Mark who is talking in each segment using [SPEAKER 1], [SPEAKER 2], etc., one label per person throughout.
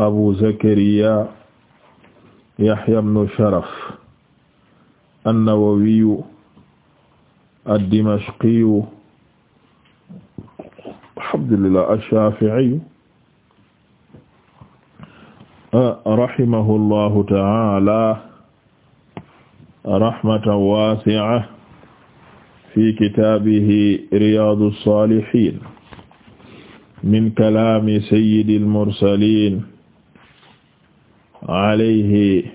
[SPEAKER 1] abu zakariya yahya ibnu sharaf annawawiyu addimashqiyu alhamdulillah ash-shafi'iyu rahimahu llahu ta'ala rahmatan wasi'a fi kitaabihi riyaadu s-saalihiin min kalaami sayyidil mursaliin alayhi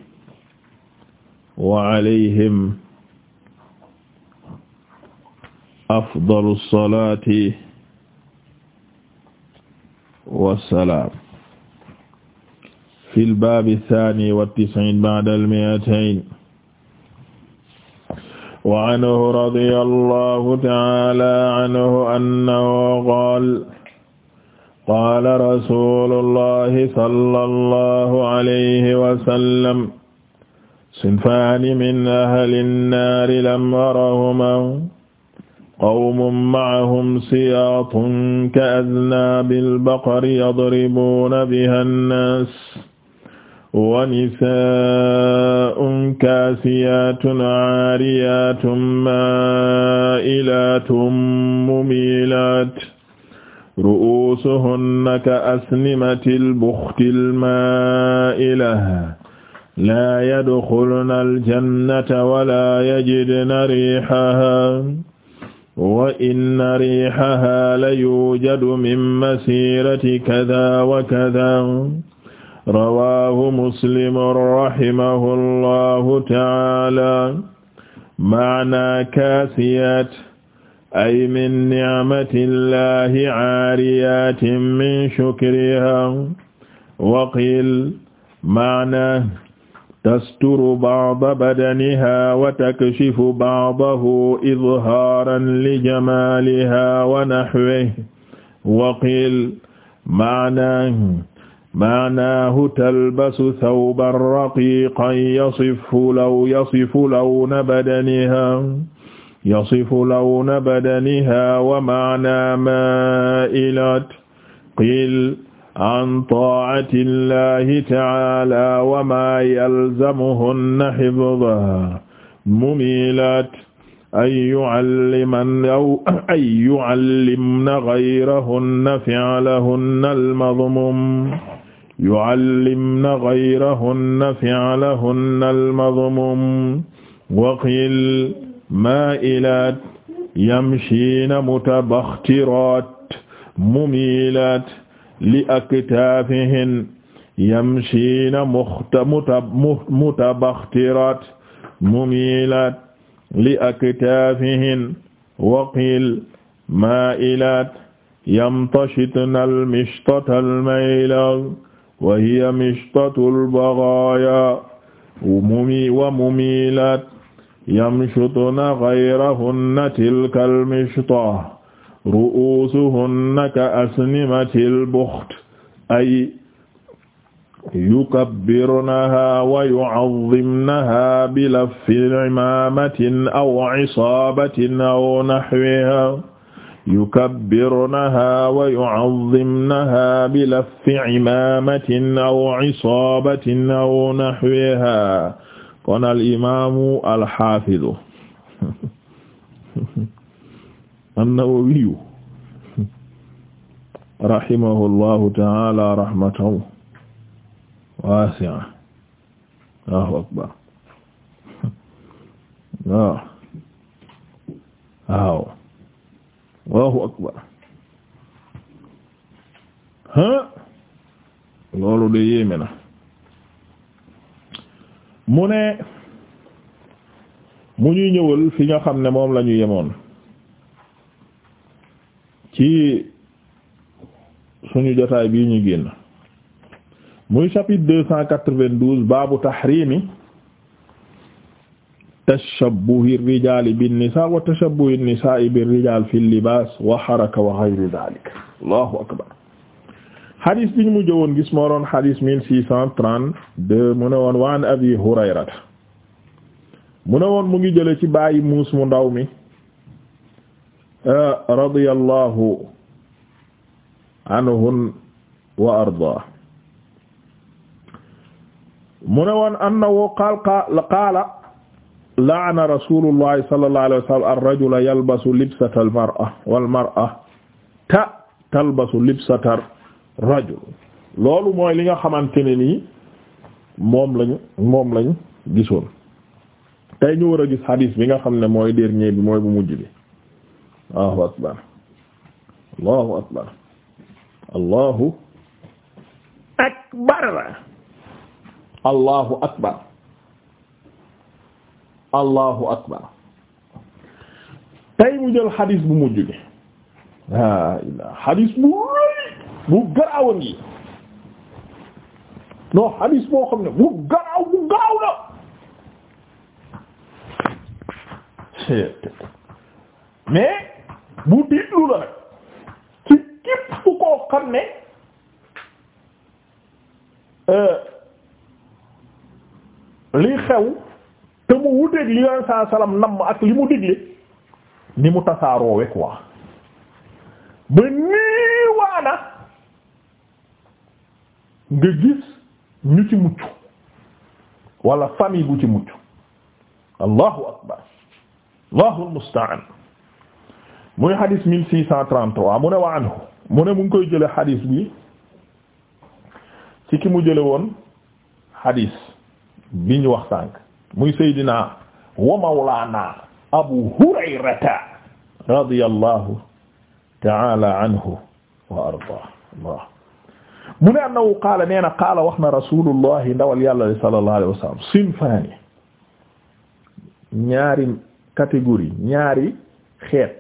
[SPEAKER 1] wa alayhim afdalu salaati wa salaam fil baabi saani wa tis'iin ba'dal mi'atayn wa anhu radiyallahu ta'aala anhu annahu qaala qaala rasuulullahi sallallahu alayhi wa sallam sinfaani min ahli nnaari lam arahumaa qawmun ma'ahum siyaatun ka'aznaabil baqari yadribuuna bihaa nnaas wa nisaa'un kaasiyaatun 'aariyaatun maa'ilaatun mumiilaatun ru'uusuhunna ka asnimatil buxtil maa'ila laa yadxulna aljannata wala yajidna riihahaa wa inna riihahaa layuujadu min masiirati kadaa wa kadaa rawaahu muslimun rahimahu allahu ta'aalaa ma'naa kaasiyaat ay min ni'mati llahi aariyatin min shukriha wa qil maana tasturu ba'da badaniha wa takshifu ba'dahu izhaaran li jamaliha wa nahwihi wa qil maana maanaahu talbasu thawban raqiqan yasifu law yasifu lawna badaniha yasifu lawna badaniha wa maana ma'ilat qil an taa'ati llahi ta'ala wa ma yalzamuhunna hifzuha mumilat an yu'alliman aw an yu'allimna ghayrahunna fi'lahunna al-madhmum yu'allimna ghayrahunna fi'lahunna al-madhmum wa qil ma'ilat yamshina mutabakhtirat mumilat li aktafihin yamshina mutabakhtirat mumilat li aktafihin wa qil ma'ilat yamtashitna al-mishtata al-mayla wa hiya mishtatu al-baghaya wa mumilat yamshutna gayrahunna tilka almishta ru'usuhunna ka asnimatil buxt ay yukabbirunaha wa yu'azzimnaha bilaffi imaamatin aw isaabatin aw nahwiha yukabbirunaha wa yu'azzimnaha bilaffi imaamatin aw isaabatin aw nahwiha kon al imaamu al xaafidu an-Nawawiyu rahimahullahu taala rahmatan waasi'a Allahu akbar waaw waaw Allahu akbar ha loolu de yéeme na mu ne mu ñu ñëwal fi nga xam ne moom la ñu yemoon ci suñu jotaay bii ñu génn muy chapitre deux cent tax vingt douze baabu tahrimi tashabbuhi rijali bin nisa wa tashabbuhi nisa'i bir rijal fil libas wa haraka wa ghayri dhalik allahu akbar xadis bi ñu mujj woon gis moo doon xadis mille six cent trente-deux mu ne woon waan abi hurayrata mu ne woon mu ngi jële ci bàyyi muus mu ndaw mi euh, radiyallahu anhun wa ardaa mu ne woon annahu qaala qaala la'ana rasulullahi sallallahu alayhi wa sallam ar-rajula yalbasu libsata al-mar'a wal-mar'a ta talbasu libsata rajul loolu mooy li nga xamante ne nii moom lañu moom lañu gisoon tey ñu war a gis hadith bi nga xam ne mooy dernier bi mooy bu mujj bi allahu akbar allahu akbar allahu akbar allahu akbar allahu tey mu jël hadith bu mujj bi waa ilaa hadith bu bu garaaw a ngi non boo xam ne bu garaaw bu garaaw la mais bu diitlu la nag ci képp ku koo xam ne euh, li xew te mu wuteeg li yoon saa salaam namm ak li mu digle ni mu tasaaroo wekk waa ba nii nga gis ñu ci mucc wala bu ci mucc allahu akbar allahu almustaan muy xadis mille mu ne wa anhu mu ne mu koy jële xadis bi ci ki mu jële woon xadis bi ñu wax muy seydina wa mawlaana abu hurayrata radiyallahu taala anhu wa arda mu ne annahu qaala nee na qaala wax na rasulullahi ndawal yàlla sallallahu alayhi wa sallam sinfaani ñaari catégorie ñaari xeet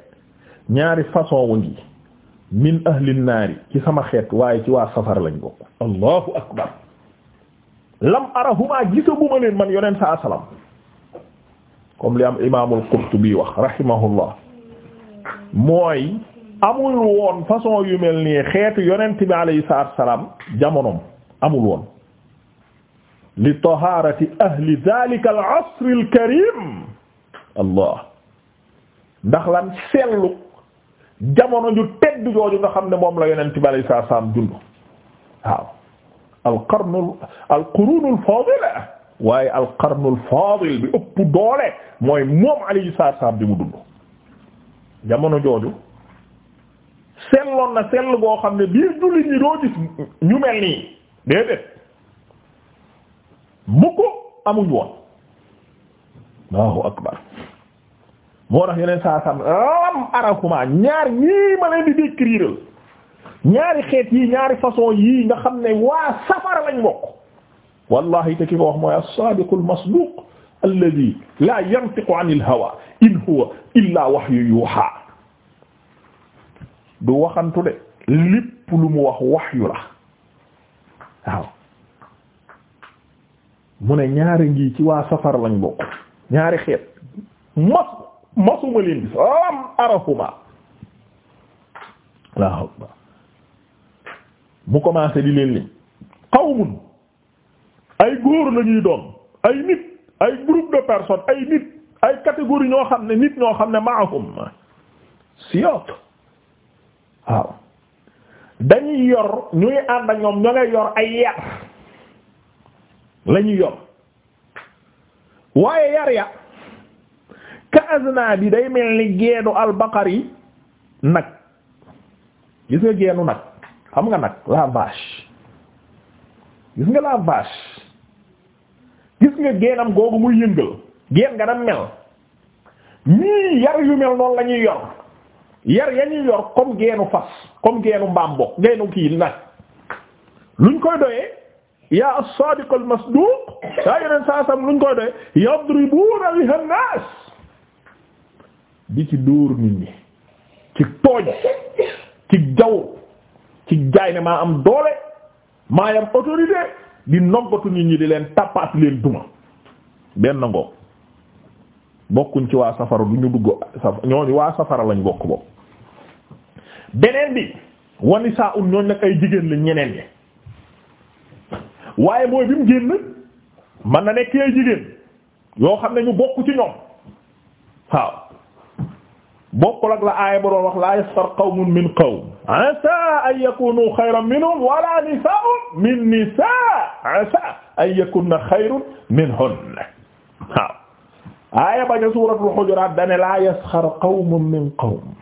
[SPEAKER 1] ñaari façon wa sama xeet waaye ci waa safar lañ bokk allahu akbar lam arahuma gisa bu ma man yonent sa salam comme li am imaamul Qurtubi wax rahimahullah mooy amul woon façon yu mel nii xeetu yonent bi alayhi salaam jamonoom amul woon li taharati ahli dhalika al asr al allah ndax lan sellu jamono ju tedd jooju nga xam ne moom la yonent bi alayhi salaam dund waaw al qarn al qurun al al qarn al fadil bi ëpp doole mooy moom alayhi salaam bi mu dund jamono jooju selloon na sell boo xam ne biir jullit ñi doo gis ñu mel nii déedéet ko amuñ woon Allahu akbar moo tax yeneen saa sam lam arakuma ñaar ñii ma leen di décrire ñaari xeet yi ñaari façon yi na xam ne waa safara lañ bokk wallahi te ki ko wax mooy as-sadiq al-masduq alladhi la yantiqu 'anil hawa in huwa illa wahyu yuha du waxantu de lépp lu mu wax waxyu la waaw mu ne ñaari ngi ci waa safar lañ bokk ñaari xeet mas masuma leen gis lam arahuma waaw mu commencé di leen lim qawmun ay góor la ñuy doon ay nit ay groupe de personnes ay nit ay catégorie ñoo xam ne nit ñoo xam ne maahum siyaq waaw dañuy yor ñuy ànd ak ñoom ñoo ngay yor ay yar la yor waaye yar ya ka bi day mel ni geenu albaqari nag gis nga geenu nag xam nga nag la vache gis nga la vache gis nga geenam googu muy yëngal geen nga dam mel nii yar yu mel noonu la yor yar ya ñuy yor comme geenu fas comme geenu mbaam bokk geenu kii nag luñ koy doyee yaa as-sadiq al-masduq saa yeneen saa sam luñ koy doyee yadribuna biha an-nas di ci dóor nit ñi ci tooj ci jaw ci jaay ne maa am doole maa yam autorité di noggatu nit ñi di leen tappaat leen duma benn ngoog bokkuñ ci waa safara du ñu dugg saf ñooñu waa safara lañ bokk bokk beneen bi wani saa un ñooñ nag ay jigéen lañ ñeneen ñi waaye mooy bi mu génn man na nekk ay jigéen yoo xam ne ñu bokk ci ñoom waaw bokkul ak la aaya ba doon wax la yasxar qawmun min qawm asa an yakunu xayran minhum wala nisaa'un min nisaa asa an yakunna xayran minhunna waaw aaya ba ca suuratul hujuraat dane la yasxar qawmun min qawm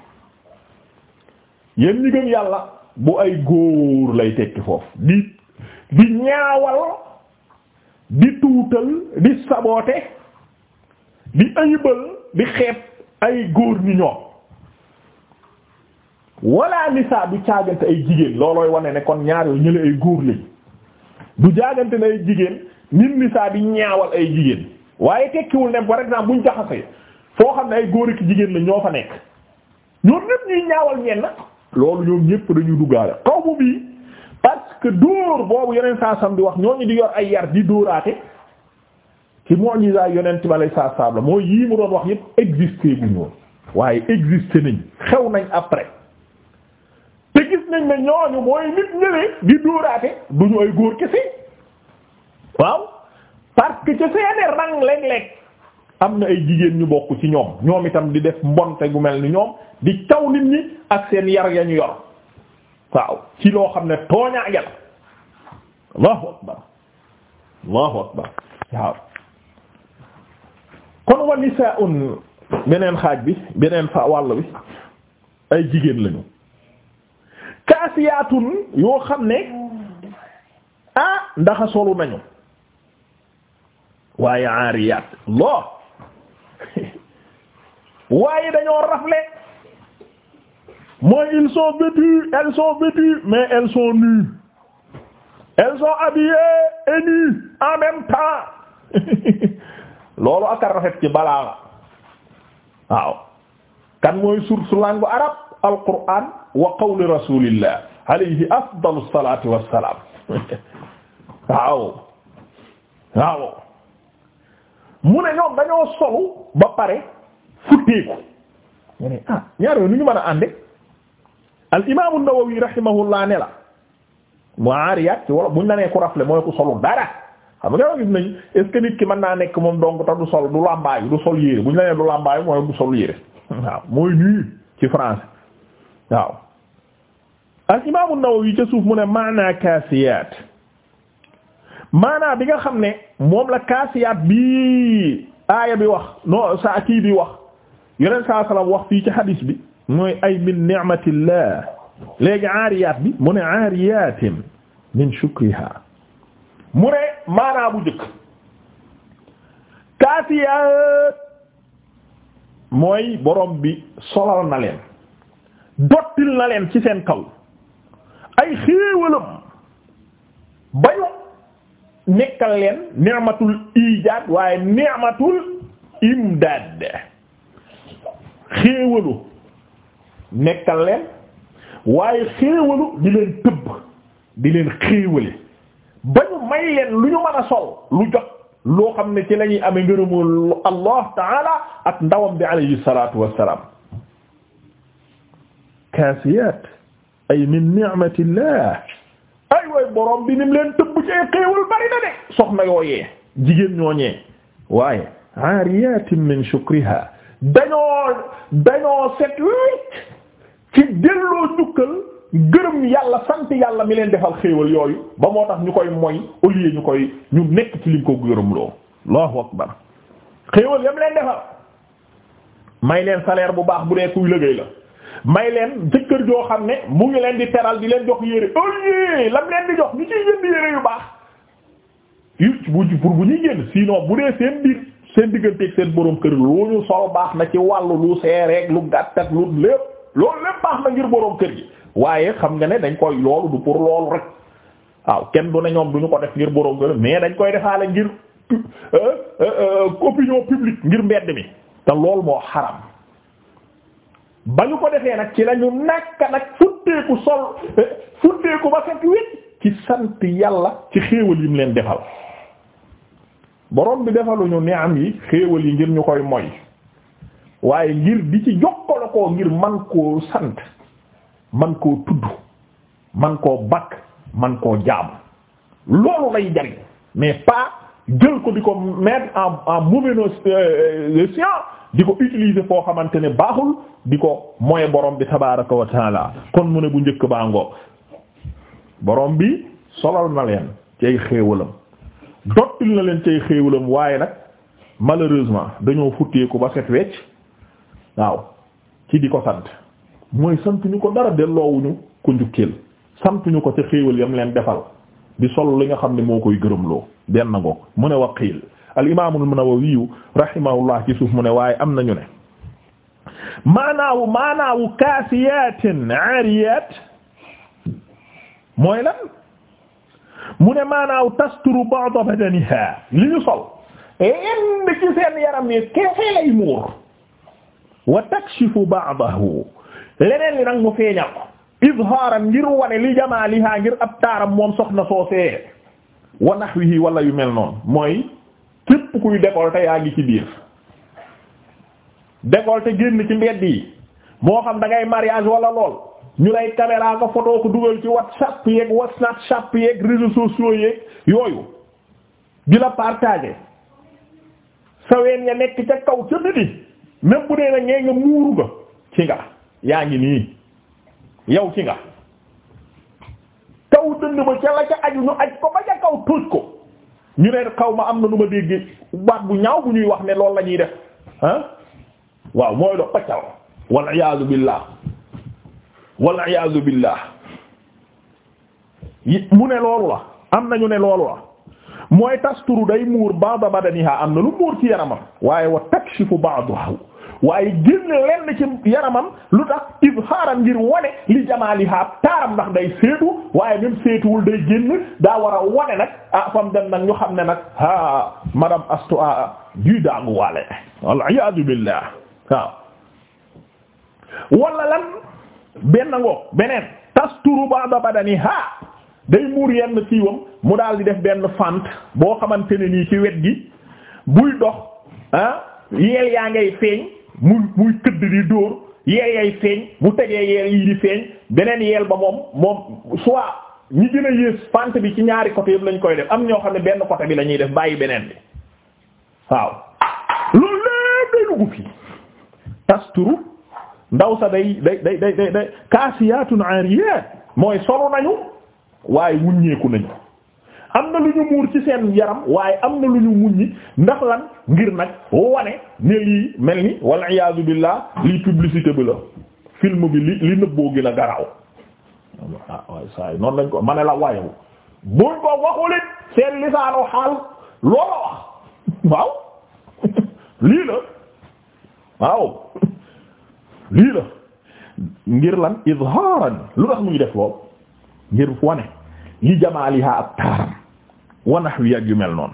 [SPEAKER 1] yéen ñi gëm yàlla bu ay góor lay tekki foofu di di ñaawal di tuutal di saboote di ayibal di xeeb ay góor ni ñoom wala nisaa du caagante ay jigéen loolooy wane ne kon ñaar yooyu ñële ay góor lañ du jaagante ne ay jigéen nit nisaa di ñaawal ay jigéen waaye tekkiwul ne par exemple buñ jaxasee foo xam ne ay góor ak jigéen la ñoo fa nekk ñoom ñépp ñuy ñaawal ñenn loolu ñoom ñëpp dañuy duggaale xawmu bii parce que dóor boobu yeneen saa sam di wax ñooñu di yor ay yar di dóoraate ci mu'jiza yonent bi alayhi salaam la mooy yii mu doon wax yëpp existé bu ñoon waaye existé nañ xew nañ après te gis nañ ne ñooñu mooy nit ñëwee di dóoraate duñu ay góor kese waaw parce que ci seeni rang léeg-léeg am na ay jigéen ñu bokk ci ñoom ñoom itam di def mbonte gu mel ni ñoom di taw nit ñi ak seen yar ya ñu waaw ci loo xam ne tooñaa yàlla allahu akbar allahu akbar waaw kon wa nisaa'un beneen xaaj bi beneen fa wàll bi ay jigéen lañu kaasiyaatun yoo xam ne ah ndaxa solu nañu waaye aariyaat loo waaye dañoo rafle mooy ils sont vêtus elles sont vêtues mais elles sont nues elles sont habillées et nues en même loolu ak rafet ci balaa la kan mooy source langue arabe alquran wa qawli rasulillah alayhi afdalu salatu wassalam waaw waaw mu ne ñoom dañoo solu ba pare futteeku ñu ne ah ñaar yooyu nu ñu mën a ànde al imaamu Nawawi rahimahullah ne la mu aariyaat ci wala buñ la nee ku le mooy ku solu dara a nga gis nañ nit ki mën naa nekk moom donc ta du sol du lambaayu du sol bu buñ la nee du lambaayu mooy du sol yére waaw mooy nuyu ci français waaw al imaamu Nawawi ca suuf mu ne maana kaasiyaat maanaa bi nga xam ne moom la kaasiyaat bi aaya bi wax non saa kii bi wax yeneen saa salaam wax fii ci hadis bi mooy ay min ni'matillah léegi aariyaat bi mu ne aariyatin min shukriha mu ne maanaa bu njëkk kaasiyaat mooy borom bi solal na leen dottil na leen ci seen kaw ay xéewalam bayu nekkal leen ni'matul ijaad waaye ni'matul imdaad xéewalu nekkal leen waaye xéewalu di leen tëbb di leen xéewale ba ñu may leen lu ñu mën a sol lu jot loo xam ne ci lañuy amee ngërëmu Allah taala ak ndawam bi alayhi salaatu wassalaam kaasiyaat ay min ni'matillah boroom bi nim leen tëbb ci xéewal bari na de soxna yooyee jigéen ñooñee waaye aariyatin min shukriha dañoo dañoo set wecc ci delloo njukkal gërëm yàlla sant yàlla mi leen defal xéewal yooyu ba moo tax ñu koy moy au lieu ñu koy ñu nekk ci liñ ko gërëm loo allahu akbar xéewal yam leen defal may leen salaire bu baax bu dee kuy liggéey la may leen jëkkër joo xam ne mu ngi leen di teral di leen jox yére oyee lam leen di jox ñu ciy jënd yére yu baax bu pour bu ñuy génn sinon bu dee seen biir seen digganteeg seen borom kër lu ñu sol baax na ci wàllu lu seereeg lu gàtt ak lu lépp loolu lépp baax na ngir borom kër gi waaye xam nga ne dañ koy loolu du pour loolu rek waaw kenn du ne ñoom du ñu ko def ngir boroom kër mais dañ koy defaale ngir euh, euh, euh, opinion publique ngir mbedd mi te loolu moo xaram ba ñu ko defee nag ci lañu nakka nag futteeku sol eh, futteeku ba set wét ci sant yàlla ci xéewal yim leen defal borom bi defaluñu ni'am yi xéewal yi ngir ñu koy moy waaye ngir di ci jokkale ko ngir man koo sant man koo tudd man koo bakk man koo jaam loolu lay jariñ mais pas jël ko di ko mettre en en mauvaise euh, euh, science di ko utiliser foo xamante ne baaxul di ko moy borom bi tabaraka wa laa kon mu ne bu njëkk baa ngoo borom bi solal na leen ci ay xéewalam dottil na leen ci ay xéewalam waaye nag malheureusement dañoo futteeku ba set wecc waaw ci di ko sant mooy santuñu ko dara delloowuñu ko njukkeel santuñu ko ca xéewal yam leen defal di sol li nga xam ne moo koy gërëmloo benn ngoog mu ne waqiil al imaamu an-Nawawi rahimahullah ci mu ne waaye am nañu ne maanaawu maanaawu kaasiyatin mooy lan mu ne maanaawu tasturu ba'da badaniha li ñu sol lenn ci seen yaram yi kese lay muur wa takshifu ba'dahu leneen li nag feeñal ko izhaaran ngir wane li jamaaliha ngir ab taaram moom soxna soosee wa nahwihi wala yu mel noonu mooy képp kuy décolleté yaa ngi ci biir décolleté génn ci mbedd yi moo xam dangay mariage wala lool ñu lay caméra nga photo ko dugal ci whatsapp yeeg yooyu di la sa ween ya nekk ca kaw ca biti même bu dee na ngee nga nga ci nga yaa ngi nii yow ci nga kaw dënd ba ca la ca aju ñu aj ko ba ca kaw tuuj ko ñu ne xaw ma am na nu ma dégg waat bu ñaaw bu ñuy wax ne loolu la ñuy def ah waaw mooy dox paccaw wal iyaazu billah wal iyaazu billah mu ne loolu la am nañu ne loolu la mooy tasturu day muur ba'da badaniha am na lu muur ci yaramam waaye wa takshifu ba'dahu waaye génn lenn ci yaramam lu tax izhaaran ngir wane li jamaaliha taaram ndax day seetu waaye même seetuwul day génn daa war a nag ah fam dem nag ñu xam ne nag ah madame Astou ah, ah daagu waale wal iyaadu billah waaw wala lan benn ngoo beneen tasturu day muur yenn siiwam mu daal di def benn fente boo xamante ne nii ci wet gi buy dox ah yeel yaa ngay feeñ muy muy këdd di dóor yeel yay feeñ bu tegee yeel yi di feeñ beneen yeel ba moom moom soit ñi gën a yées fente bi ci ñaari côté yëpp lañ koy def am ñoo xam ne benn côté bi lañuy ñuy def bàyyi beneen bi waaw loolu lépp day dugg tasturu ndaw sa day day day day day kaasiyaatun aariyaat mooy solu nañu waaye wuññeeku nañu am na lu ñu muur ci seen yaram waaye am na lu ñu muññi ndax lan ngir nag wane ne lii mel ni walla iyaazu billaah lii publicité bi la film bi li li nëbboo gi la garaaw ah lañ ko ma la waayewu buñ ko waxulit seen lisaanu xaal loolu wax waaw lii la waaw lii la ngir lan izhaaran lu tax ngi def lool ngir wane li jamaaliha ak taaram wanax wi ak yu mel noonu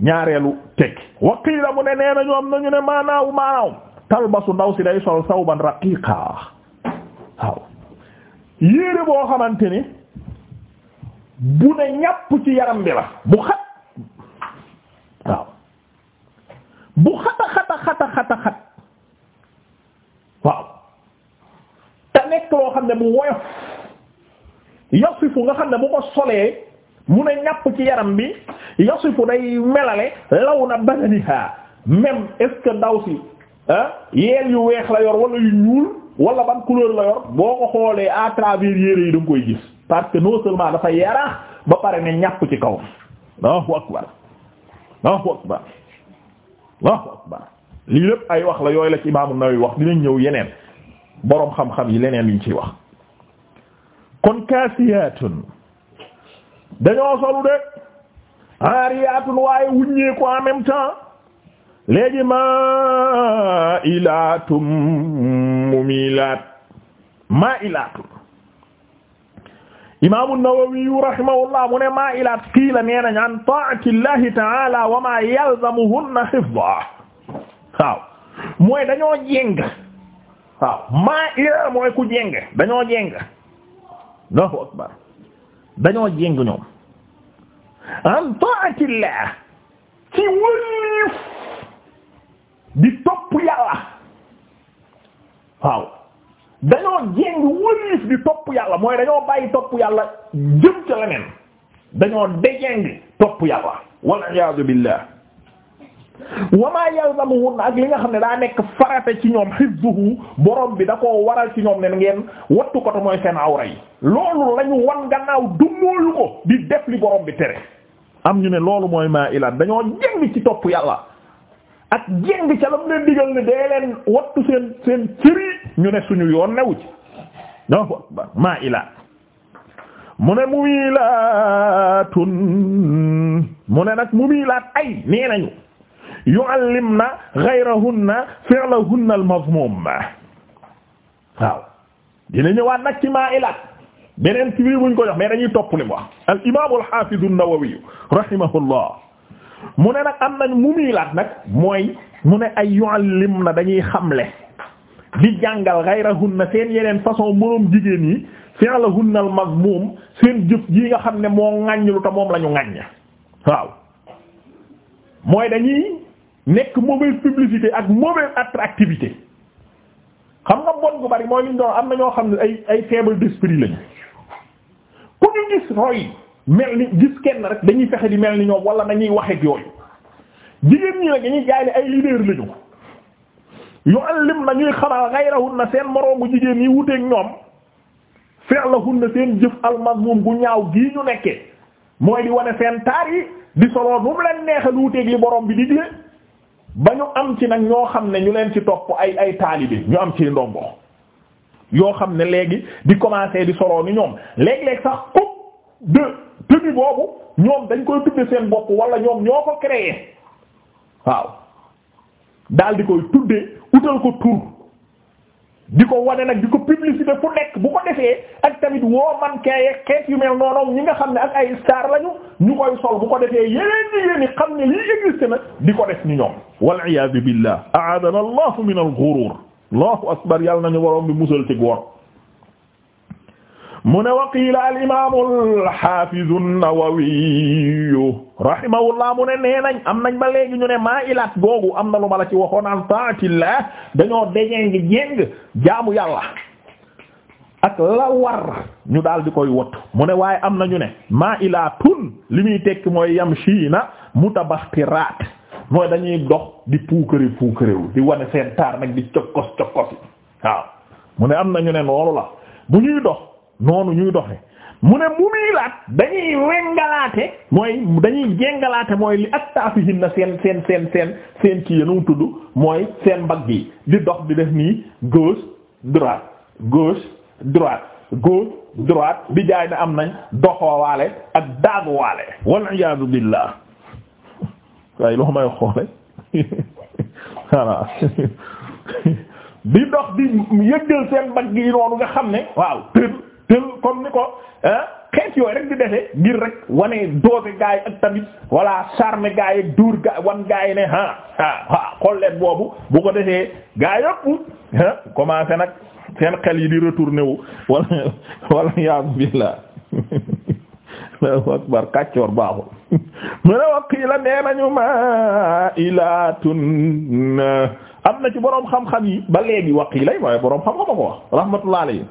[SPEAKER 1] ñaareelu teg wa mu ne nee na ñoom nañu ne maanaaw maanaaw talbasu ndaw si day sol sawban raqiqa waaw yére boo xamante ni bu ne ñàpp ci yaram bi la bu xat waaw bu xata xata xata waaw te nekk loo xam ne bu woyof yasifu nga xam ne bu ko solee mu ne ñàpp ci yaram bi yasifu day melale law na badaniha même est-ce que ndaw si ah, yeel yu weex la yor wala yu ñuul wala ban couleur la yor boo ko xoolee à travers yére yi da koy gis parce que non seulement dafa yaraax ba pare ne ñàpp ci kaw Allahu akbar akbar Allahu akbar lii lépp ay wax la yooyu la ci imaamu Nawawi wax dinañ ñëw yeneen boroom xam-xam yi leneen yuñ ciy wax kon kaasiyaatun dañoo solu de aariyaatun waaye wuññeeku en même temps léegi maa ilaatum mumilaat maa ilaatum imaamu Nawawi rahimahullah mu ne maa ilaat qiila nee nañ an taa'atillahi ta'ala wa maa yalzamuhunna hifdha waaw mooy dañoo jéng waaw maa ila mooy ku jéng dañoo jéng Allahu akbar dañoo jéng ñoom an taatillah ci wëlif di topp yàlla waaw dañoo jéng wëlif di topp yàlla mooy dañoo bàyyi topp yàlla jëm ca dañoo dejeng topp yàlla wal iyaadu billah wamaa yalzamuhunna ak li nga xam ne daa nekk farata ci ñoom hifzuhu borom bi da koo waral ci ñoom ne ngeen wattu ko te mooy seen awra yi loolu lañu wan gannaaw dummóoyu ko di def li borom bi tere am ñu ne loolu mooy maa ilan dañoo jeng ci topp yàlla ak jeng ca lam leen digal ne dee leen wattu seen seen cëri ñu ne suñu yoon newu ci ñoo maa ilan mu ne mumilaatun mu ne nag mumilaat ay nee nañu yu'allimna ghayrahunna fi'lahunna al-mazmum waaw dina ñëwaat nag ci beneen ci buñ ko jox mais dañuy topp li mu wax al-imam al-hafiz an-nawawi rahimahullah mu ne nag am nañ mumilaat nag mooy mu ne ay na dañuy xamle di jàngal gayrahunna seen yeneen façon moroom jigéen yi fi'lahunna al-mazmum seen jëf yi nga xam ne moo ŋàññ lu te moom la waaw mooy dañuy nekk mauvaise publicité ak mauvaise attractivité xam nga bon gu bari mooy ñu doon am na ñoo xam ne ay ay faible d'esprit lañu ku ñu gis roy mel ni gis kenn rek dañuy fexe di mel ni ñoom wala nañuy waxeek yooyu jigéen ñi nag dañuy jaay ne ay leader lañu yu allim na ñuy xamal na seen moroomu jigéen yi wuteek ñoom na seen jëf almazmum gu ñaaw gii ñu nekkee mooy di wane seen taar yi di solo bu mu leen neexe lu wuteek li borom bi digle ba ñu am ci nag ñoo xam ne ñu leen ci topp ay ay taalibe ñu am ci ndombo yoo xam ne léegi di commencer di soloo ni ñoom léeg-léeg sax coupe de tenue boobu ñoom dañ koy tudde seen bopp wala ñoom ñoo ko créer waaw daldi di koy tudde utal ko tur di ko wane nag di ko publicité fu nekk bu ko defee ak tamit woo man kaye xeet yu mel noonu ñi nga xam ne ak ay star lañu ñu koy sol bu ko defee yeneen jigéen ñi xam ne lii existe nag di ko def ni ñoom wal iyaadu billah a'adana allahu min al ghurur allahu akbar yàlla nañu waroon bi musal ci góor mu ne waqiila al imaamu al xaafizu nawawiyu rahimahullah mu ne nee nañ am nañ ba léegi ñu ne maa ilaat googu am na lu ma la ci waxoon an taatillah dañoo dejeng jeng jaamu yàlla ak la war ñu daal di koy wot mu ne waaye am na ñu ne maa ilaatun li muy tekki mooy yam yamshiina mutabaxtiraat mooy dañuy dox di puukare puukarewu di wane seen taar nag di cokkos cokkos waaw mu ne am na ñu ne loolu la bu ñuy dox noonu ñuy doxe mu ne mu muy laat dañuy wengalaate mooy dañuy jengalaate mooy li ak taafihin na seen seen seen seen seen ci yenu tudd mooy seen bag yi di dox di def nii gauche droite gauche droite gauche droite di jaay na am nañ doxoowaale ak daaguwaale wal iyaadu billah waaye loo may xoole voilà di dox di yëggal seen mbagg yi noonu nga xam ne waaw tër te comme ni ko xeet yooyu rek di defee ngir rek wane doose gaay ak tamit voilà charme gaay ak wan gaay ne ha ha xool leen boobu bu ko defee gaay yëpp ah nag seen xel yi di retourné wu wala wala yaa billah Allahu akbar kàccoor baaxul mu ne wax kii la nee nañu ma ilaatun am na ci boroom xam-xam yi ba léegi wax kii lay waaye boroom xam-xam a ko wax rahmatullah alayhi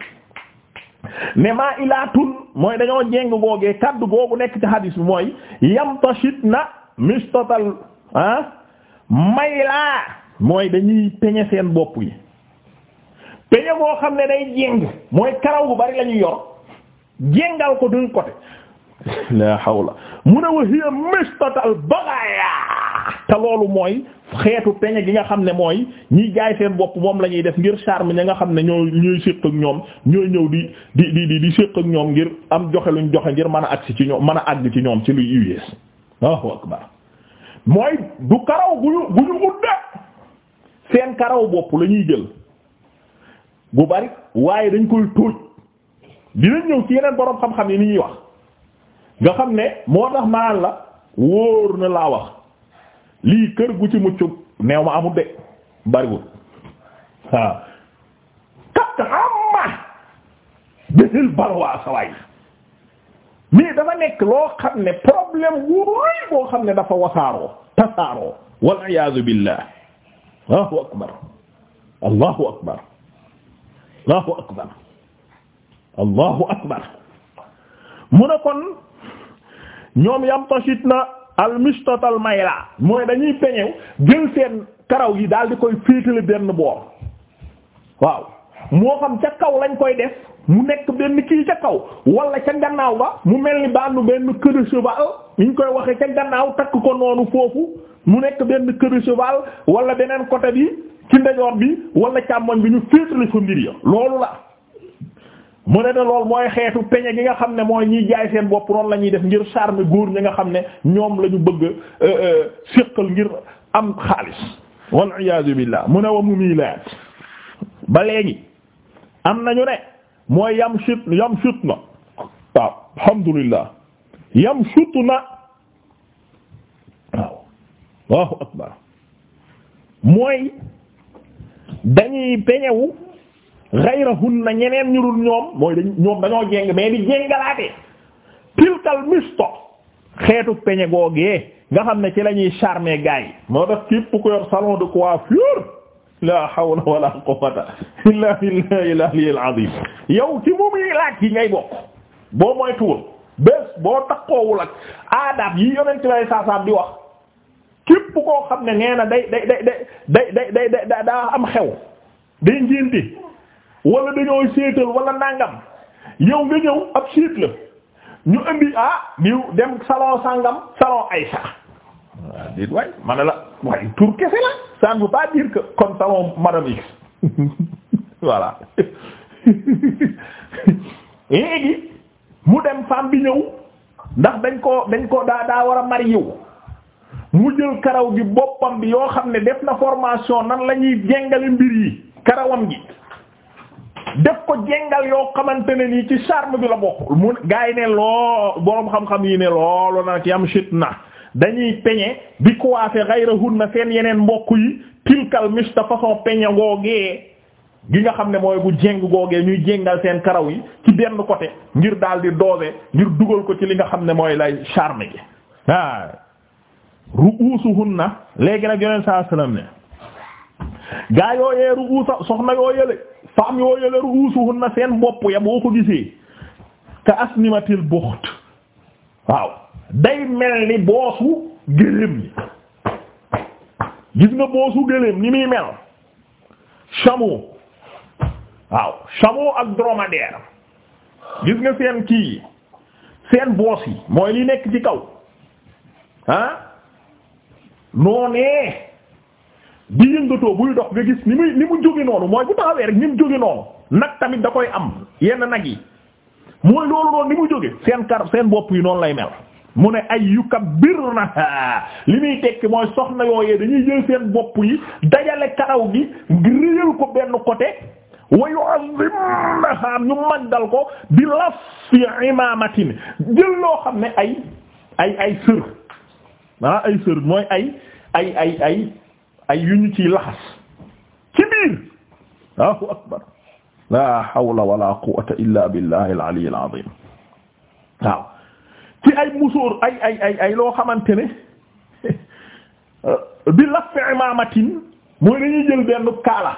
[SPEAKER 1] ne maa ilaatun mooy dañoo jéng googee kaddu googu nekk ci hadis bi mooy yam tashit na mistatal ah maylaa mooy dañuy peñe seen bopp yi peñe boo xam ne day jéng mooy karaw bu bari la ñuy yor jéngal ko d'un côté la hawla mu ne wa mistatal bagaaya te loolu mooy xeetu peñe gi nga xam ne mooy ñiy jaay seen bopp moom la ñuy def ngir charme ña nga xam ne ñoo ñooy séq ak ñoom ñooy ñëw di di di séq ak ñoom ngir am joxe luñ joxe ngir mën a agsi ci ñoom mën a àgg ci ñoom ci luy ues mooy du karaw gu ñu gu seen karaw bopp la ñuy jël bu bari waaye dañ koy tóoj dinañ ñëw ci yeneen boroom xam-xam yi ni ñuy wax nga xam ne moo tax maanaam la wóor na laa wax lii kër gu ci mucc neew ma amul de bariwul waaw kat amma bihil barwa sa waay mais dafa nekk loo xam ne problème wuuy boo xam ne dafa wasaaroo tasaaroo wal iyaazu billah allahu akbar allahu akbar mu ne kon ñoom yam tashit na al mishtat mayla mooy dañuy peñew jël seen karaw yi daal di koy féetale benn boor waaw moo xam ca kaw lañ koy def mu nekk benn kii ca kaw wala ca gannaaw ba mu mel ni bandu benn queue de cheval koy waxee ca gannaaw takk ko noonu foofu mu nekk benn queue de cheval wala beneen côté bi ci ndejoor bi wala càmmoñ bi ñu féetale fa mbir ya loolu la mu ne ne loolu mooy xeetu peñe gi nga xam ne mooy ñiy jaay seen bopp noonu la ñuy def ngir charme góor ñi nga xam ne ñoom lañu bëgg euh, euh, siqal ngir am xaalis wal iyaazu billah mu ne wa mumilaat ba léegi am nañu ne mooy yam chut yam chut na waaw alhamdulillah yam chut na waaw allahu akbar mooy dañuy peñewu gayrahunna ñeneen ñu dul ñoom mooy dañ ñoom dañoo jéng mais di jéngalaate tilkal misto xeetu peñe googee nga xam ne ci la ñuy charmer gars yi moo tax képp ko yor salon de coiffure la hawla wala quwwata illa billahi al-aliyyil azim yow ci moom yi laaj yi ngay bokk boo mooy tuur bés boo takkoowul ak aadab yi yonent lay saasaam di wax képp koo xam ne nee na day day day day day day day daa am xew day ngénte wala dañoo séetal wala nàngam yow nga ñëw ab séet la ñu indi ah niw dem salon sàngam salon Aïcha waaw dit waay ma ne la waaye tur kese la ça ne veut pas dire que salon madame X voilà léegi mu dem femme bi ñëw ndax dañ ko dañ ko daa daa war a mar yiw mu jël karaw gi boppam bi yoo xam ne def na formation nan la ñuy jengale mbir yi karawam gi def ko jengal yoo xamante ne nii ci charme bi la bokk mu gaa yi ne loo boroom xam-xam yi ne loolu nag yam shit na dañuy peñe bi coiffé ghayrahunna seen yeneen mbokk yi tilkal mista façon peñe ngoogee gi nga xam ne mooy bu jeng googee ñuy jengal seen karaw yi ci benn côté ngir daal di doose ngir dugal ko ci li nga xam ne mooy lay charme gi waaw ru'usuhunna léegi nag yoneen saa salaam ne gaa yooyee ru'usa soxna yoo yële femme yoo yële ruusuhunna seen bopp ya boo ko gisee ka asnimatil buxt waaw day mel ni boosu gëléem ni gis nga boosu gëléem ni muy mel chameau waaw chameau ak dromadaire gis nga seen kii seen boos yi mooy li nekk ci kaw ah noonee di yëngatoo buy dox nga gis ni muy ni mu jóge noonu mooy bu taxawee rek ni mu jóge noonu nag tamit da koy am yenn nag yi mooy loolu noonu ni mu jóge seen kar seen bopp yi noonu lay mel mu ne ay yukabbirna li muy tekki mooy soxna yooyee dañuy jël seen bopp yi dajale karaw gi réyal ko benn côté wa yu'azzimuha ñu magdal ko bi laffi imamatin jël loo xam ne ay ay ay sër ah ay sër mooy ay ay ay ay ay yu ñu ciy laxas ci biir Allahu akbar la hawla wala quwwata illa billahi al-ali al waaw ci ay musóor ay ay ay loo xamante ne bi laffi imaamatin mooy dañuy jël benn kaala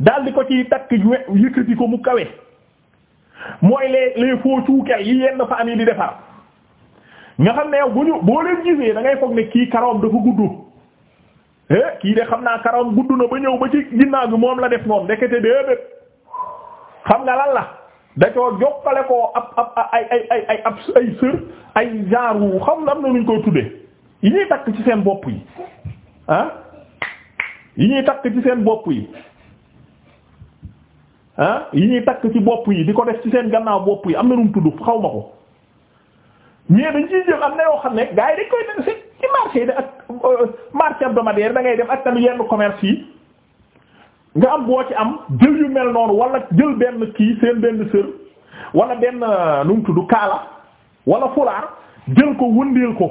[SPEAKER 1] daal di ko ciy takk yëkkati ko mu kawe mooy les les faux cuukeel yi yenn famille di defar nga xam ne yow bu ñu boo leen gisee da foog ne kii karoom dafa gudd eh kii de xam naa karam gudd na ba ñëw ba ci ginnaaw bi moom la def moom ndekete déedéet xam nga lal la da coo jokkale koo ab ab ay ay ay ay ab sër ay genre xam na am na lu ñu koy tuddee yi ñuy takk ci seen bopp yi ah yi ñuy takk ci seen bopp yi ah yi ñuy takk ci bopp yi di ko def ci seen gannaaw bopp yi am na nu tudd xaw ma ko mais dañ ciy jël am na yoo xam ne gars dañ koy def marché da ak euh, marché hebdomadaire da ngay dem ak tamit yenn commerce yi nga am boo ci am jël yu mel noonu wala jël benn kii seen benn sër wala benn euh, nu mu tudd kaala wala fulaar jël ko wëndeel ko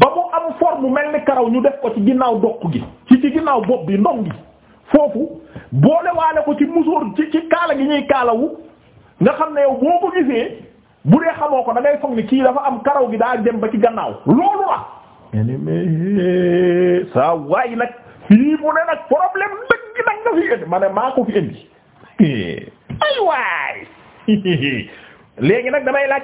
[SPEAKER 1] ba mu am forme mel ni karaw ñu def ko ci ginnaaw doq gi ci ci ginnaaw bopp bi ndong gi foofu boolewaale ko ci musóor ci ci kaala gi ñuy kaalawu nga xam ne yow boo ko gisee. bu dee xamoo ko da ngay foog ni kii dafa am karaw gi daa dem ba ci gannaaw loolu la eh, saa waay nag fii mu ne nag problème dëgg nag nga fi indi ma ne maa ko fi indi eh, ay léegi nag damay laaj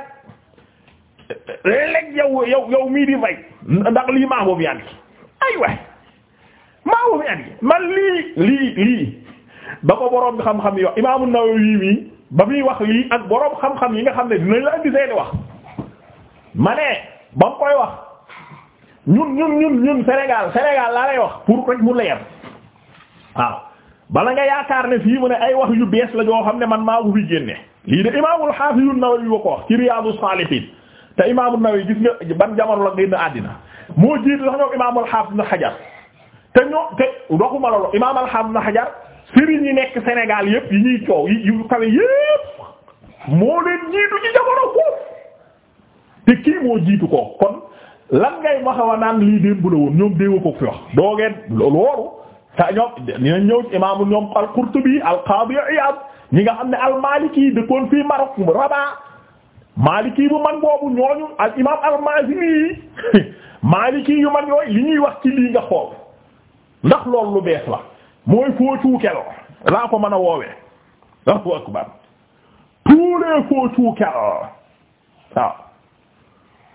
[SPEAKER 1] léeg yow yow yow mii di fay ndax lii maa ko fi andi ay man lii lii lii ba ko boroom xam-xam yo Imaamu Nawawi mi ba muy wax lii ak boroom xam-xam yi nga xam ne dinañ la indi seeni wax ma ba mu koy wax ñun ñun ñun ñun senegal Sénégal laa lay wax pour rek mu leer waaw bala nga yaakaar ne fii mu ne ay wax yu bees la yoo xam ne man maa ko fi génne lii de imaamul Haafiz An-Nawawi wa ko wax ci Riyaadus Saalihiin te imaam an gis nga ban jamono la génn àddina moo jiitu sax ñoom imaamul Haafiz Ibn Hajar te ñoo te doxuma la imaamul Haafiz Ibn Hajar sëriñ yi nekk Sénégal yépp yi ñuy coow yi yu kawe yépp moo leen jiitu ci jamono foofu te kii moo jiitu ko kon lan ngay maxawa naan lii démb la woon ñoom déewa ko fi wax doogeen loolu te ñoom dinañ ñëw imaamu ñoom al-Qurtubi al-Qaadi Iyaad ñi nga xam ne al-Maliki dëkkoon fii Maroc Rabat Maliki bu mag boobu ñooñu al imaam al-Maazini Maliki yu mag yooyu li ñuy wax ci lii nga xool ndax loolu lu bees la mooy foo cuukelo laa ko mën a woowee Allahu akbar tous les foo cuukel waaw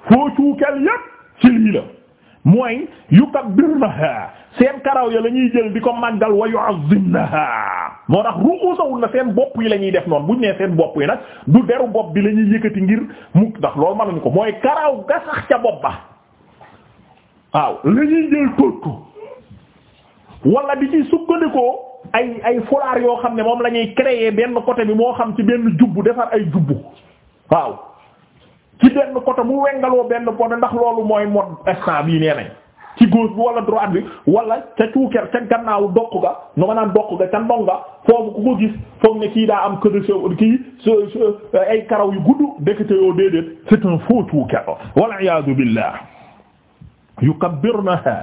[SPEAKER 1] foo cuukel yépp ci lii la mooy yukabbirnaha seen karaw ya lañuy jël di ko màggal wa yu'azzimnaha moo tax ru'usahun na seen bopp yi la ñuy def noonu buñ nee seen bopp yi nag du deru bopp bi la ñuy yëkkati ngir mu ndax loolu mënuñu ko mooy karaw ga ca bopp ba waaw la jël tóttu wala bi ci sukkandikoo ay ay fulaar yoo xam ne moom lañuy ñuy benn côté bi moo xam ci benn jubbu defar ay jubbu waaw ci benn côté mu wengaloo benn côté ndax loolu mooy mode instant bii nee nañ ci gauche bi wala droite bi wala ca cuuker ca gannaaw doq ga nu ma naan doq ga ca ndong ga foofu ku ko gis foog ne kii daa am que de kii ay karaw yu gudd dëkk te yoo déedéet c'est un faux cuuker wal iyaadu billah yukabbirunaha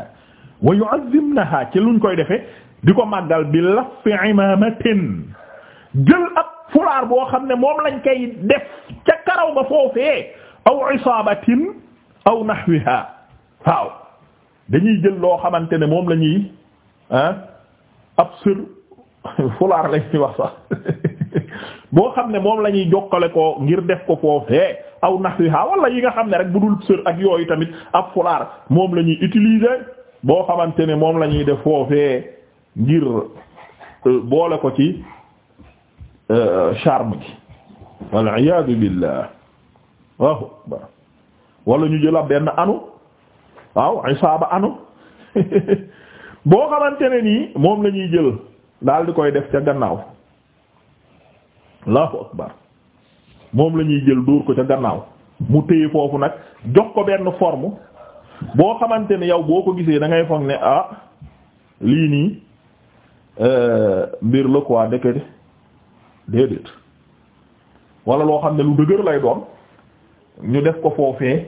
[SPEAKER 1] wa yu'azzimnaha ci luñ koy defee di ko màggal bi laffi imamatin jël ab fulaar boo xam ne moom lañ koy def ca karaw ba foofee aw isaabatin aw nahwiha waaw dañuy jël loo xamante ne moom la ñuy ab sër fulaar lañ wax sax boo xam ne moom la ñuy jokkale ko ngir def ko foofee aw nahwiha walla yi nga xam ne rek bu dul sër ak yooyu tamit ab fulaar moom la ñuy boo xamante ne moom lañuy def foofee ngir euh, boole ko ci euh, charme gi wal iyaadu billah waaw wala ñu jël a benn anu waaw isaaba anu boo xamante ne nii moom lañuy jël daal di koy def ca gannaaw allahu akbar moom la ñuy jël dóor ko ca gannaaw mu téye foofu nag jox ko benn forme boo xamante ne yow boo ko gisee dangay ngay foog ne ah lii nii mbir la quoi ndekete déedéet wala loo xam ne lu dëgër lay doon ñu def ko foofee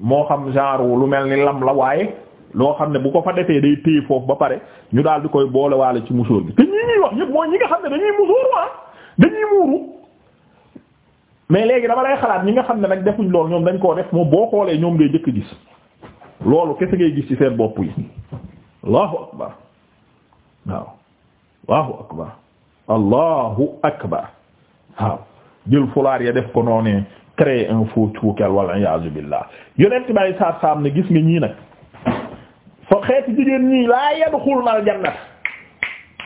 [SPEAKER 1] moo xam genre lu mel ni lam la waaye loo xam ne bu ko fa defee day téye foofu ba pare ñu daal di koy boole waale ci musóor bi te ñii ñuy wax ñëpp mooy ñi nga xam ne dañuy musóor waa dañuy muuru mais léegi dama lay xalaat ñi nga xam ne nag defuñ lool ñoom dañ koo def moom boo xoolee ñoom ngay jëkk gis loolu kese ngay gis ci seen bopp yi allahu akbar waaw akbar allahu akbar fulaar ya def ko noonee créer un faux cuukeel walla iyaazu billah yonent bay saar saam ne gis nga ñii nag fa xeeti jigéen ñii laa yadxulna aljannat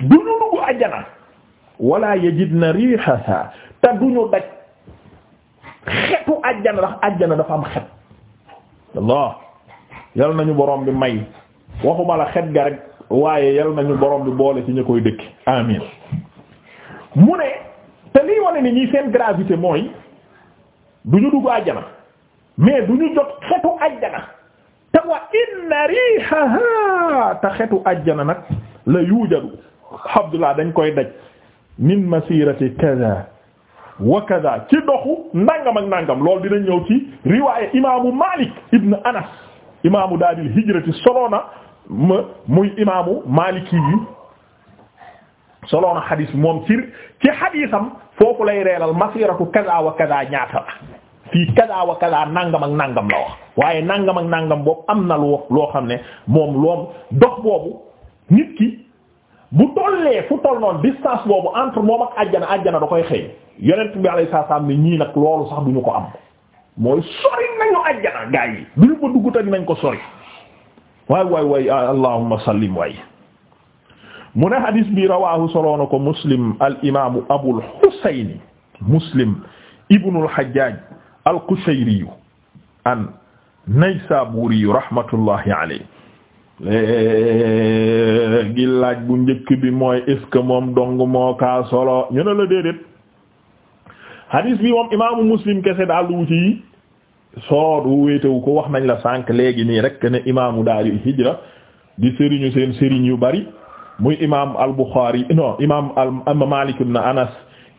[SPEAKER 1] du ñu duggu xetu ajjana ndax xet allah yal nañu boroom bi may waxuma la xet ga waaye yal nañu borom bi boole ci ñu koy dëkk amin mu ne te lii wane ni ñi seen gravité mooy du ñu dugg àjjana mais du ñu jot xetu àjjana te wa inna rihaha te xetu àjjana nag la yujadu Abdullah dañ koy daj min masirati kaza wa kaza ci doxu nangam ak nangam loolu dinañ ñëw ci riwaaya imaamu Malik ibn Anas imaamu daaril hijrati soloona ma muy imaamu Maliki yi soloona xadis bi moom ci ci xadisam foofu lay reeral masiratu kaza wa kaza ñaata la fii kaza wa kaza nangam ak nangam la wax waaye nangam ak nangam boobu am na loo loo xam ne moom loom dox boobu nit ki bu tollee fu toll distance boobu entre moom ak àjjana àjjana da koy xëy yonent bi alayhi salaam ne ñii nag loolu sax duñu ko am. mooy sori nañu àjjana gaa bi ñu ko dugg te nañ ko sori waay waay waay allahumma sallim waay mu hadis bi rawaahu soloona ko muslim al imaamu abul xusayni muslim ibnul xajjaaj al qushayriyu an naysaabuuriyu rahmatullahi alayhi léegi laaj bu njëkk bi mooy est-ce que moom dong moo kaa solo la déedéet. hadis bi moom imaamu muslim kese daal lu wuti soodu wéetewu ko wax nañ la sànq léegi nii rek ne imaamu daaril hijra di sëriñu seen sëriñ yu bari muy imaam al buxaari non imaam maalik ibn anas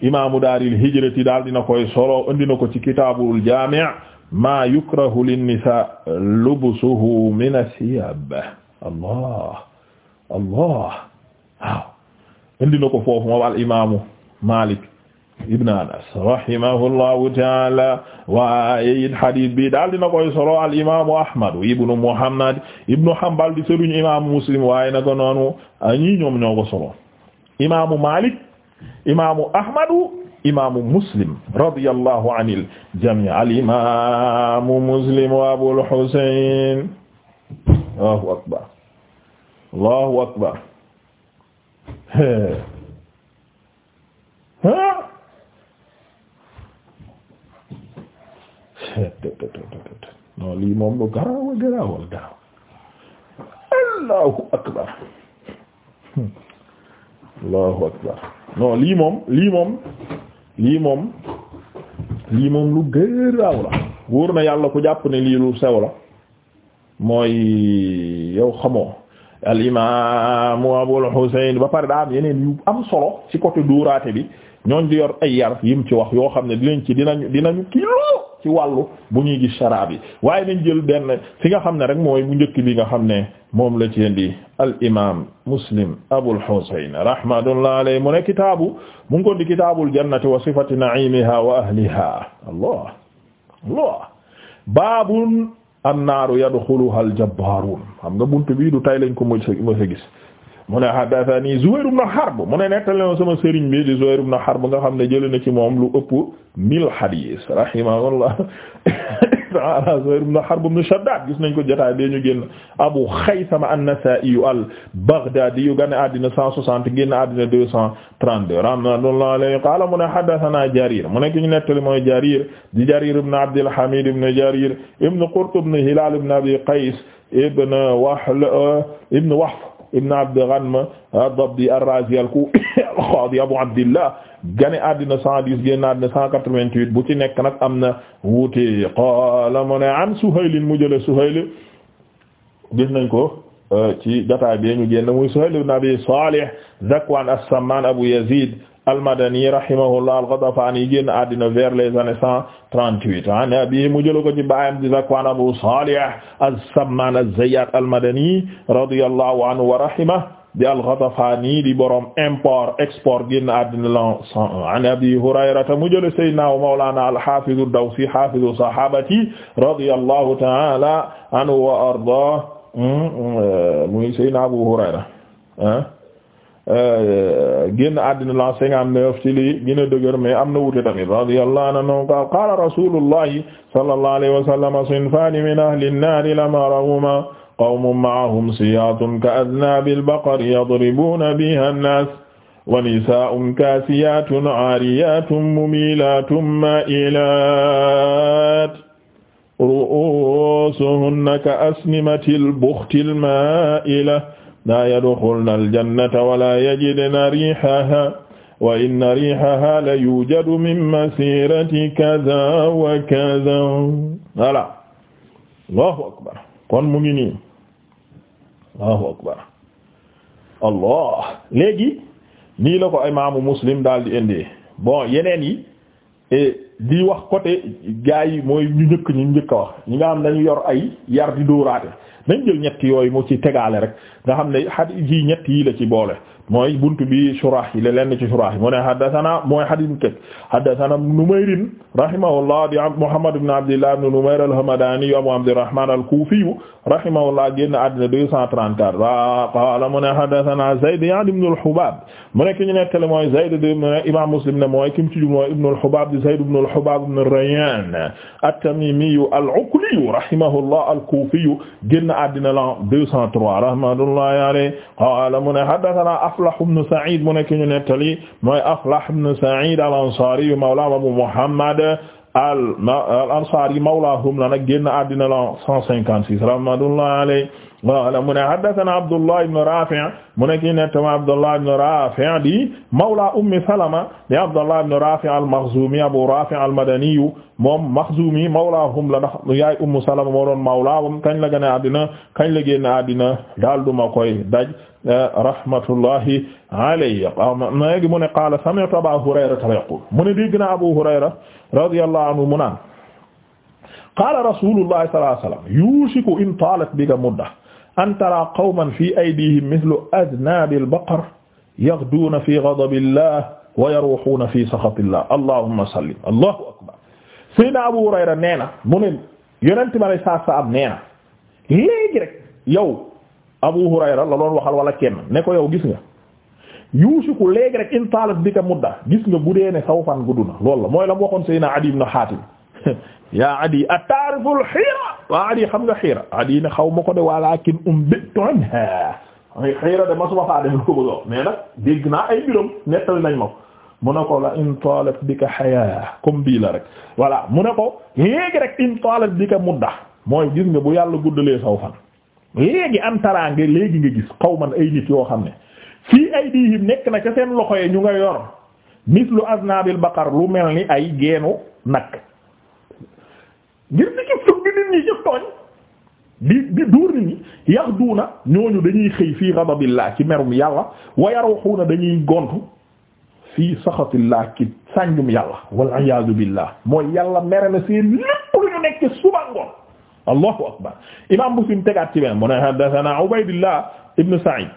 [SPEAKER 1] imaamu daaril hijrati daal dina koy solo indina ko ci kitaabul jaami' maa yukrahu linnisaa lubusuhu min asiyaab allah allah waaw indi ko foofu moom al imaamu maalik ibn anas rahimahullahu taala waaye it hadis bi daal dina koy solo al imamu ahmadu ibnu muhammad ibnu hanbal di sëriñ imamu muslim waaye naka noonu ñii ñoom ñoo ko solo imamu malik imamu ahmadu imamu muslim radiyallahu anil jami' al imamu muslim wa abul husayn allahu akbar allahu akbar ha non lii moom lu garaaw a garaaw al allahu akbar allahu lii moom lii moom lii moom lii lu garaaw la wóor na yàlla ku jàpp ne lii lu sew la mooy yow xamoo al imaamu abul husayn ba pare daa am yeneen yu am solo ci côté duuraate bi ñooñ di yor ay yar mu ci wax yoo xam ne dinañ ci dinañu dinañu kilo ci wàllu bu ñuy gis sharaab yi waaye nañ jël benn fi nga xam ne rek mooy bu njëkk bi nga xam ne moom la ci indi al imaam muslim abul husayn rahmatullah alayhi mu ne kitaabu mu ngi ko di kitaabul jannati wa sifati naimiha wa ahliha allah allah baabun annaaru yadxuluha al jabbaarun xam nga buntu bii du tay lañ ko mos a gis mu ne haddathani Zuhayr ibn Harb mu ne nettali na sama sëriñ bi di Zuhayr ibn Harb nga xam ne jëlee na ci moom lu ëpp mille hadis rahimahullah ta'ala Zuhayr ibn Harb ibn Shaddad gis nañ ko jotaay bee ñu génn Abu Khaythama an-Nasa'i al-Baghdadi yu gane àddina cent soixante génn àddina deux cent trente-deux rahmatullahi alayhi qala mu ne haddathana Jarir mu ne ki ñu nettali mooy Jarir di Jarir ibn Abdil Hamid ibn Jarir ibn Qurt ibn Hilal ibn Abi Qays ibn Wahl ibn Wahf ibn Abd Ghanm ad-Dabbi al-Kufi al-Qadi Abu Abdillah gane àddina 110 génn àddina 188 bu ci nekk nag am na wuute qaala mu ne an Suhayl mu jële Suhayl gis nañ ko euh, ci jotaay bi ñu génn muy Suhayl ibn Abi Salih Zakwan as-Samman Abu Yazid almadani rahimahullah al-Ghatafani génn àddina vers les années cent trente-huit an abi mu jël ko ci baayam di Zakwaan Abu Salih as-Samman az-Zayyat almadani radiyallahu anhu wa rahimahu di al-Ghatafani di borom import export génn àddina l'an cent un an abi Hurayrata mu jël sayyidina wa mawlana al-Hafiz ad-Dawsi hafizu sahabati radiyallahu ta'ala anhu wa arda hmm, hmm, euh, muy sayyidina Abu Hurayra Euh, génn àddina la cinquante-neuf ci li gën a dëgër mais am na wuute tamit radiyallahu anhu qaala qaala rasulullahi sallallahu alayhi wa sallam sinfaani min ahli an-naari lamaa ra'awhumaa qawmun ma'ahum siyaatun ka'adhnaabil baqari yadribuuna bihaa an-naas wa nisaa'un kaasiyaatun 'aariyaatun mumiilaatun maa'ilaatun ru'uusuhunna ka'asnimatil buxtil maa'ila laa yadxulna aljannata wala yajidna riihaha wa inna riihaha la yujadu min masirati kaza wa kaza voilà allahu akbar kon mu ngi nii allahu akbar allah léegi nii la ko imaamu muslim daal di indi bon yeneen yi e, di wax côté gaa yi mooy ñu njëkk ñu njëkk a wax ñi nga xam dañu yor ay yar di dóoraate nañ jël ñett yooyu mu ci tegaale rek nga xam ne xadiis yi ñett yi la ci boole mooy buntu bi surah yi lenn ci surah yi mu ne haddathana mooy hadith bi teg haddathana Numayrin rahimahullah di Muhammad ibn Abdillah ibn Numayr al-Hamadani Abu Abdirrahman al-Kufi rahimahullah génn àddina 234 wa qala mu ne haddathana Zayd yani ibn al-Hubab mu ne ki ñu nettale mooy Zayd imam Muslim ne mooy kim ci mooy ibn al-Hubab di Zayd ibn al-Hubab ibn ar-Rayyan at-Tamimi al-Uqli rahimahullah al-Kufi génn àddina la 203 rahmatullahi alayhi qala mu ne haddathana Aflah ibn Sa'id mu nekk ñu nettali mooy Aflah ibn Sa'id al-Ansari mawla Abu Muhammad al ansari mawlaahum la nag génn àddina la 156 rahmatullahi alayhi wala mu ne haddathana Abdullah ibn Rafi' mu ne kii nettama Abdullah ibn Rafi' di mawla Ummi Salama di Abdullah ibn Rafi' al-Makhzumi Abu Rafi' al-Madani moom Makhzumi mawlaahum la ndax yaay Ummu Salama moo doon mawlaahum kañ la gën a àddina kañ la génn àddina daal duma koy daj rahmatullahi alayhi léegi mu ne qaala sami'tu Abaa Hurayrata yaqul mu ne dégg naa Abu Hurayra radiyallahu anhu mu naan qaala rasuulullahi sallallahu alayhi wa sallam yuushiku in taalat bika mudda an taraa qawman fii aydiihim mithlu adnaabil baqar yaghduuna fii ghadabillahi wa yaruuhuuna fii sakhatillahi allahumma sallim allahu akbar Seydina Abu Hurayra nee na mu ne yonent bi saa saa am nee na léegi rek yow. Abu Hurayra la doon waxal wala kenn ne ko yow gis nga yuusiku léegi rek in taalat bika mudda gis nga bu dee ne saw fan gudd na loolu la mooy la mu waxoon Seydina Adi ibn Hatim yaa Adi ataarifu al-hiira waa Adi xam nga xiira Adi ne xaw ma ko de walakin umbitu anha hiira de masuma faa dem ko bëggo mais nag dégg naa ay biram nettali nañ ma ko mu ne ko la in taalat bika hayaa comme bii la rek voilà mu ne ko léegi rek in taalat bika mudda mooy gis nga bu yàlla guddalee saw léegi am taraange léegi nga gis xaw man ay nit yoo xam ne fii ay diihim nekk na ca seen loxo yi ñu nga yor mislu aznabil baqar lu mel ni ay geenu nag ngir di ci fukki nit ñi ci tooñ di di duur nit ñi yax duuna ñooñu dañuy xëy fii ghadabillah ci merum yàlla wa yaruxuuna dañuy gontu fii saxatillah ci sànjum yàlla wal iyaazu billah mooy yàlla mere na seen lépp lu ñu nekk suba ngoon allahu akbar imam muslim tegaat ci beneen mu ne haddathana ubaydillah ibn sa'id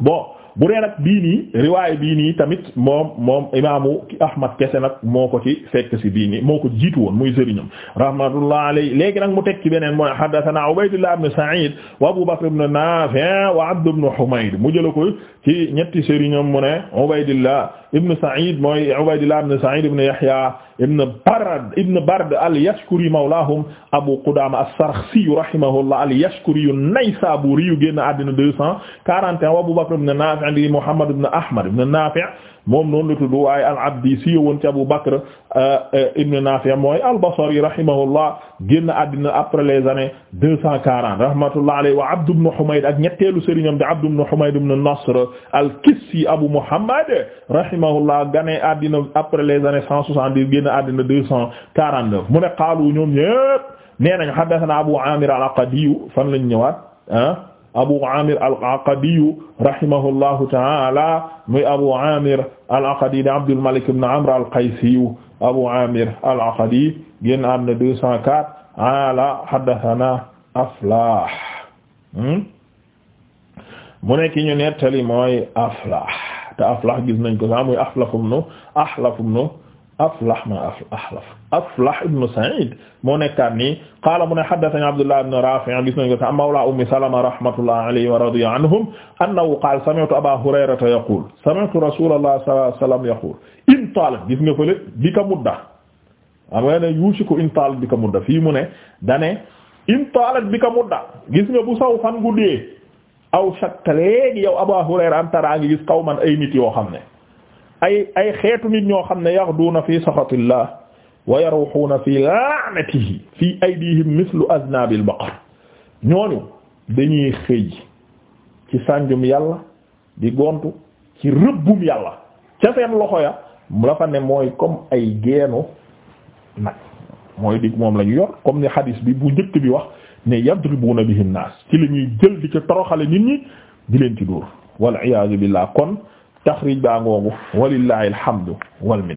[SPEAKER 1] bon bu dee nag bii nii riwaay bii nii tamit moom moom imaamu ahmad kese nag moo ko ci fekk si bii nii moo ko jiitu woon muy sëriñam rahmatullah alayhi léegi nag mu teg ci beneen mu ne haddathana ubaydillah ibn sa'id wa abu bakr ibn nafi' wa abd ibn humayd mu jëla ko ci ñetti sëriñam mu ne ubaydillah ibn Sa'id mooy Ubaydillah ibn Sa'id ibn Yahya ibn Bard ibn Bard al-Yashkuri mawlahum Abu Qudama as-Sarkhsi rahimahullah al-Yashkuri an-Naysaburi génn àddina deux cent quarante et un Abu Bakr ibn Nafi' Muhammad ibn Ahmad ibn Nafi' moom noonu la tudd waaye al-Abdi si woon ci Abu Bakr euh, euh, ibn Nafi' mooy al-Basri rahimahullah génn àddina après les années deux cent quarante rahmatullah alayhi wa Abd ibn Humayd ak ñetteelu sëriñam di Abd ibn Humayd ibn Nasr al-Kissi Abu Muhammad rahimahullah gane àddina après les années cent soixante-dix génn àddina deux cent quarante mu ne qaalu ñoom ñépp nee nañ haddathana Abu Amir al-Aqadi fan lañ ñëwaat ah abu amir al-aqadi rahimahullahu ta'ala muy abu amir al-aqadi di abdul malik ibn amr al-qaysi abu amir al-aqadi génn am na 204 ala haddathana aflah hmm? mu nekk ñu nettali mooy aflah te aflah gis nañ ko sax muy aflaf ibn ahlaf ibn aflah ma ahlaf aflah ibnu said moo nekkaat nii qaala mu ne hadathana abdullah ibn rafi' gis nañ ko tam mawla ummi salama rahmatullah alayhi wa radiya anhum annahu qaala sami'tu aba hurayrata yaqul sami'tu rasulullah sallallahu alayhi wa sallam yaqul in talat gis nga fële bi ka mudda am nga ne yuusiku in talat bi ka mudda fii mu ne dane in talat bi ka mudda gis nga bu saw fan guddee aw shakka léegi yow aba hurayra an tara ngi gis qawman ay nit yoo xam ne ay ay xeetu nit ñoo xam ne yaxduuna fi saxatillah wa yaruxuuna fi la'natihi fi aydihim mislu aznabil baqar ñooñu dañuy xëy ci sànjum yàlla di gontu ci rëbbum yàlla ca seen loxo ya la ne mooy comme ay geenu nag mooy dig moom lañu ñu yor comme ni hadis bi bu njëkk bi wax ne yadribuna bihi naas ci la ñuy jël di ci toroxale nit ñi di leen ci dóor wal iyaazu billah kon taxrij baa ngoogu walillahi alhamdu wal minna